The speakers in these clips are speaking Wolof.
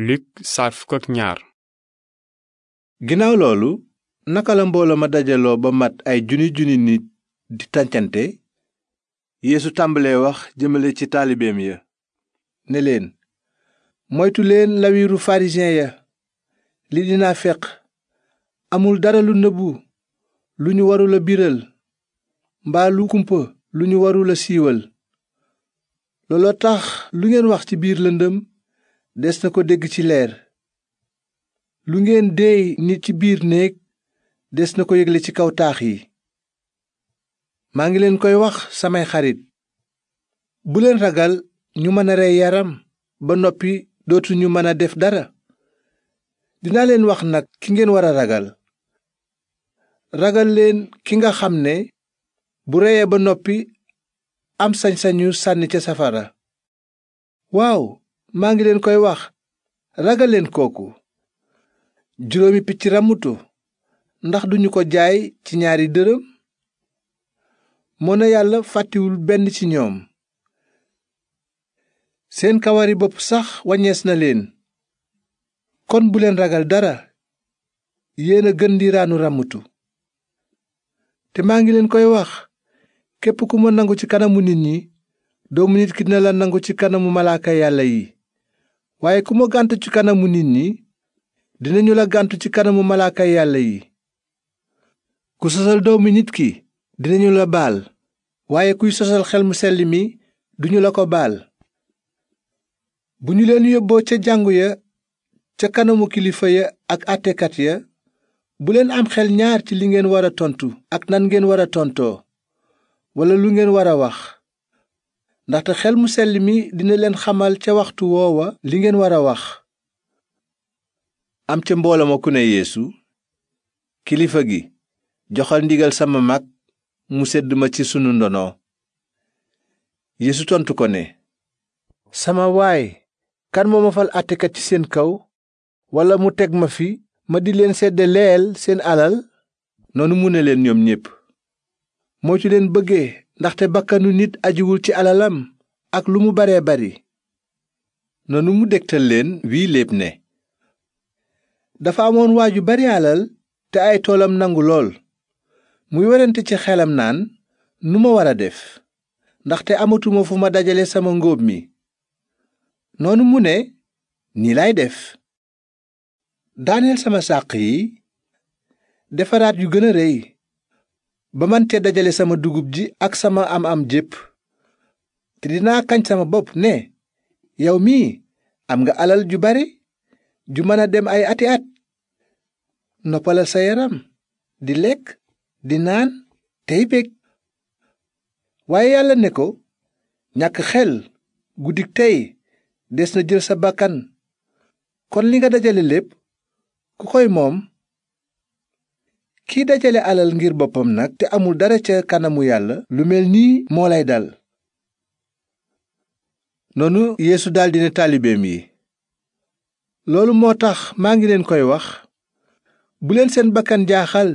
Luk saar fukk ginnaaw loolu naka la mbooloo ma dajaloo ba mat ay junni junni nit di tàncante yéesu tàmbalee wax jëmale ci taalibeem ya ne leen moytu leen lawiru farisiyen ya li dinaa feq amul dara lu nëbbu lu ñu warula biral mbaa lu kumpa lu ñu warula siiwal looloo tax lu ngeen wax ci biir lëndëm des na ko dégg ci leer lu ngeen deey nit ci biir néeg des na ko yégle ci kaw taax yi maa ngi leen koy wax samay xarit bu leen ragal ñu mën a rey yaram ba noppi dootuñu mën a def dara dinaa leen wax nag ki ngeen war a ragal ragal leen ki nga xam ne bu reyee ba noppi am sañ-sañu sànni ca safara waaw maa ngi leen koy wax ragal leen kooku juróomi picc rammutu ndax duñu ko jaay ci ñaari dërëm mona yàlla fàttewul benn ci ñoom seen kawari bopp sax waññees na leen kon bu leen ragal dara yéen a gën di raanu ràmmutu te maa ngi leen koy wax képp ku ma nangu ci kanamu nit ñi doomu nit ki dina la nangu ci kanamu malaaka yàlla yi waaye ku ma gàntu ci kanamu nit ñi dinañu la gàntu ci kanamu malaaka yàlla yi ku sosal doomu nit ki dinañu la baal waaye kuy sosal xel mu selli mi duñu la ko baal bu ñu leen yóbboo ca jàngu ya ca kanamu kilifa ya ak àttekat ya bu leen am xel ñaar ci li ngeen war a tontu ak nan ngeen war a tontoo walla lu ngeen war a wax ndaxte xel mu sell mi dina leen xamal ca waxtu woowa li ngeen war a wax am ca mbooloo ma ku ne yéesu kilifa gi joxal ndigal sama mag mu sedd ma ci sunu ndonoo yeesu tontu ko ne sama waay kan moo ma fal àttekat ci seen kaw walla mu teg ma fi ma di leen sedd leel seen alal noonu mu ne leen ñoom ñépp ci leen bëggee ndaxte bàkkanu nit ajiwul ci alalam ak lu mu baree bari noonu mu dégtal leen wii léeb ne dafa amoon waa ju bari alal te ay toolam nangu lool muy werante ci xelam naan nu ma war a def ndaxte amatuma fu ma dajale sama ngóob mi noonu mu ne nii laay def daaneel sama sàq yi defaraat yu gën a rëy ba man cee dajalee sama dugub ji ak sama am-am jépp te dinaa kañ sama bopp ne yow mii am nga alal ju bari ju mën a dem ay ati at noppalal sa yaram di lekk di naan tey bég waaye yàlla ne ko ñàkk xel guddik tey des na jël sa bakkan kon li nga dajale lépp ku koy moom ki dajale alal ngir boppam nag te amul dara ca kanamu yàlla lu mel nii moo lay dal noonu yéesu daldi ne taalibeem yi loolu moo tax maa ngi leen koy wax bu leen seen bakkan jaaxal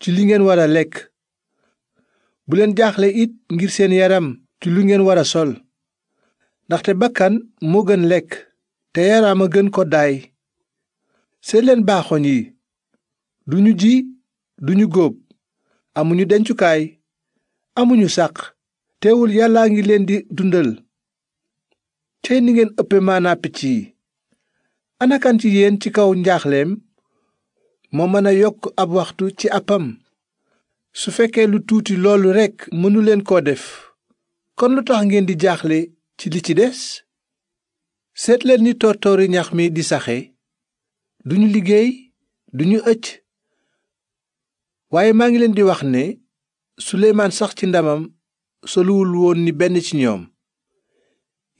ci li ngeen war a lekk bu leen jaaxle it ngir seen yaram ci lu ngeen war a sol ndaxte bakkan moo gën lekk te yaram a gën ko daay seet leen baaxoñ yi duñu ji duñu góob amuñu dencukaay amuñu sàq teewul yàllaa ngi leen di dundal tey ni ngeen ëppe maanaa picc yi anakan ci yéen ci kaw njaaxleem moo mën a yokk ab waxtu ci appam su fekkee lu tuuti loolu rekk mënu leen koo def kon lu tax ngeen di jaaxle ci li ci des seetleen ni toortoori ñax mi di saxe duñu liggéey duñu ëcc waaye maa ngi leen di wax ne suleymaan sax ci ndamam soluwul woon ni benn ci ñoom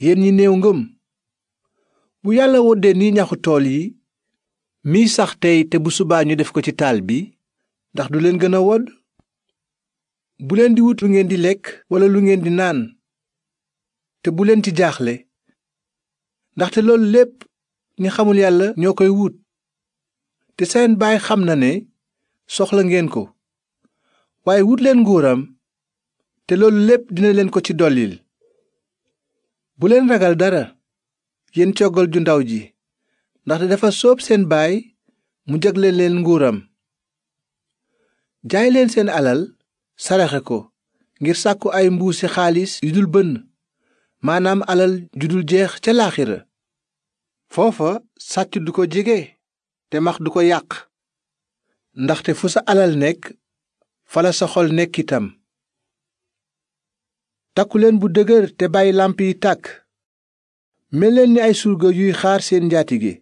yéen ñi néew ngëm bu yàlla woddee ni ñaxu tool yi miy sax tey te bu subaa ñu def ko ci taal bi ndax du leen gën a wodd bu leen di wut lu ngeen di lekk walla lu ngeen di naan te bu leen di jaaxle ndaxte loolu lépp ñu xamul yàlla ñoo koy wut te seen baay xam na ne soxla ngeen ko waaye wut leen nguuram te loolu lépp dina leen ko ci dollil bu leen ragal dara yéen coggal ju ndaw ji ndaxte dafa soob seen baay mu jagle leen nguuram jaay leen seen alal saraxe ko ngir sàkku ay mbuusi xaalis yu dul bënn maanaam alal ju dul jeex ca laaxira foofa sàcc du ko jege te max du ko yàq ndaxte fu sa alal nekk fala sa xol nekk itam takkuleen bu dëgër te bàyyi làmp yi tàkk mel leen ni ay surga yuy xaar seen njaatige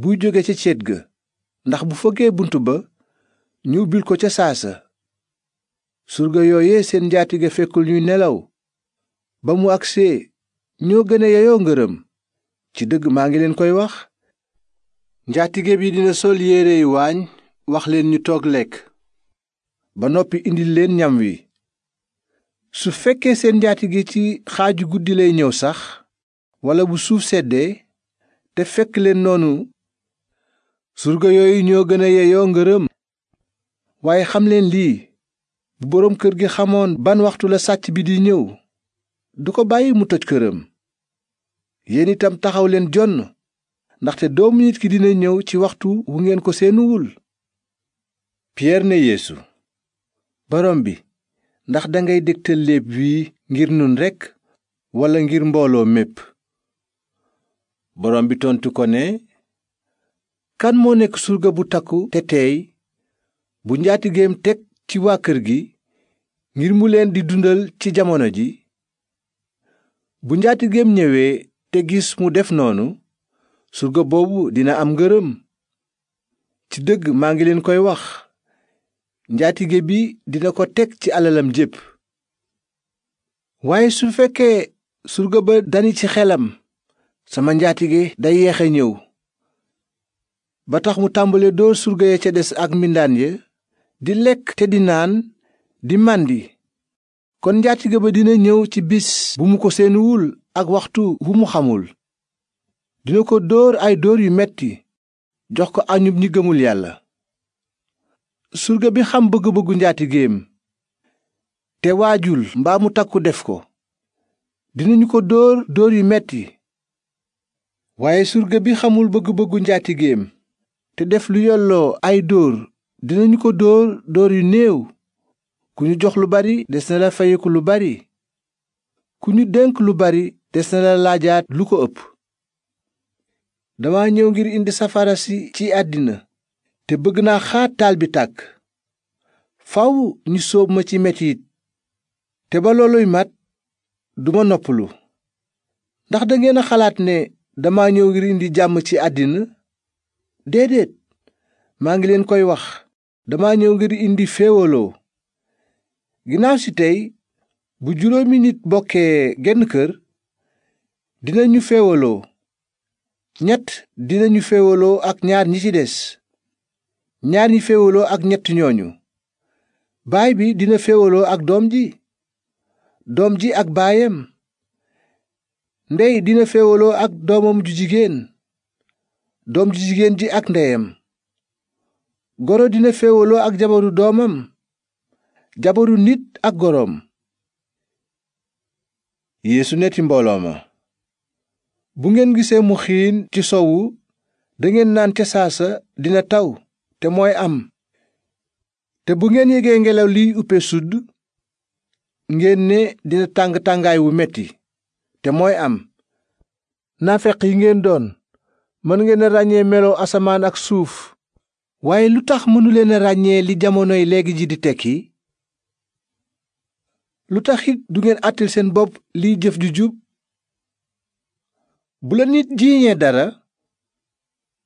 buy jóge ca ceet ga ndax bu fëggee bunt ba ñu ubbil ko ca saa sa surga yooye seen njaatige fekkul ñuy nelaw ba mu agsee ñoo gën a yeyoo ngërëm ci dëgg maa ngi leen koy wax njaatige bi dina sol yéere yu waañ wax leen ñu toog lekk ba noppi indil leen ñam wi su fekkee seen gi ci xaaju guddi lay ñëw sax walla bu suuf seddee te fekk leen noonu surga yooyu ñoo gën a yeyoo ngërëm waaye xam leen lii bu boroom kër gi xamoon ban waxtu la sàcc bi di ñëw du ko bàyyi mu toj këram yéen itam taxaw leen jonn ndaxte doomu nit ki dina ñëw ci waxtu wu ngeen ko seenuwul piyeer ne yéesu borom bi ndax dangay dégtal léeb wi ngir nun rekk walla ngir mbooloo mépp borom bi tontu ko ne kan moo nekk surga bu takku te teey bu njaatigéem teg ci waa kër gi ngir mu leen di dundal ci jamono ji bu njaatigéem ñëwee te gis mu def noonu surga boobu dina am ngërëm ci dëgg maa ngi leen koy wax njaatige bi dina ko teg ci alalam jépp waaye su fekkee surga ba dani ci xelam sama njaatige day yeexe ñëw ba tax mu tàmbalee dóor surga ya ca des ak mbindaan ya di lekk te di naan di màndi kon njaatige ba dina ñëw ci bis bu mu ko seenuwul ak waxtu wu mu xamul dina ko dóor ay dóor yu metti jox ko añub ñi gëmul yàlla surga bi xam bëgg-bëggu njaatigeem te waajul mbaa mu takku def ko dinañu ko dóor dóor yu metti waaye surga bi xamul bëgg-bëggu géem te def lu yolloo ay dóor dinañu ko dóor dóor yu néew ku ñu jox lu bari des na la fayeku lu bari ku ñu dénk lu bari des na la laajaat lu ko ëpp dama ñëw ngir indi safara si ci àddina te bëgg naa xaar taal bi tàkk faw ñu sóob ma ci metit te ba looluy mat duma noppalu ndax dangeen a xalaat ne dama ñëw ngir indi jàmm ci àddina déedéet maa ngi leen koy wax dama ñëw ngir indi féewaloo ginnaaw si tey bu juróomi nit bokkee genn kër dinañu féewaloo ñett dinañu féewaloo ak ñaar ñi ci des ñaar ñi féewaloo ak ñett ñooñu baay bi dina féewaloo ak doom ji doom ji ak baayam ndey dina féewaloo ak doomam ju jigéen doom ju jigéen ji ak ndeyam goro dina féewaloo ak jabaru doomam jabaru nit ak goroom yéesu ci mbooloo ma bu ngeen gisee mu xiin ci sowu dangeen naan ca saasa dina taw te mooy am te bu ngeen yëgee ngelaw liy uppe sudd ngeen ne dina tàng tàngaay wu metti te mooy am naafeq yi ngeen doon mën ngeen ràññee meloo asamaan ak suuf waaye lu tax mënuleen a ràññee li jamonoy léegi ji di tekki lu tax it du ngeen àttil seen bopp liy jëf ju jub bu la nit jiiñee dara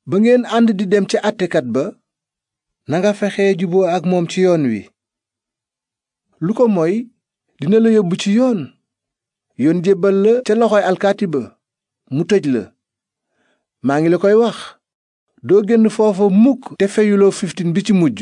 ba ngeen ànd di dem ca àttekat ba nanga fexe juboo ak moom ci yoon wi lu ko mooy dina la yóbbu ci yoon yoon jébbal la ca loxooy alkaati ba mu tëj la maa ngi la koy wax doo génn foofa mukk te feyuloo fiftin bi ci mujj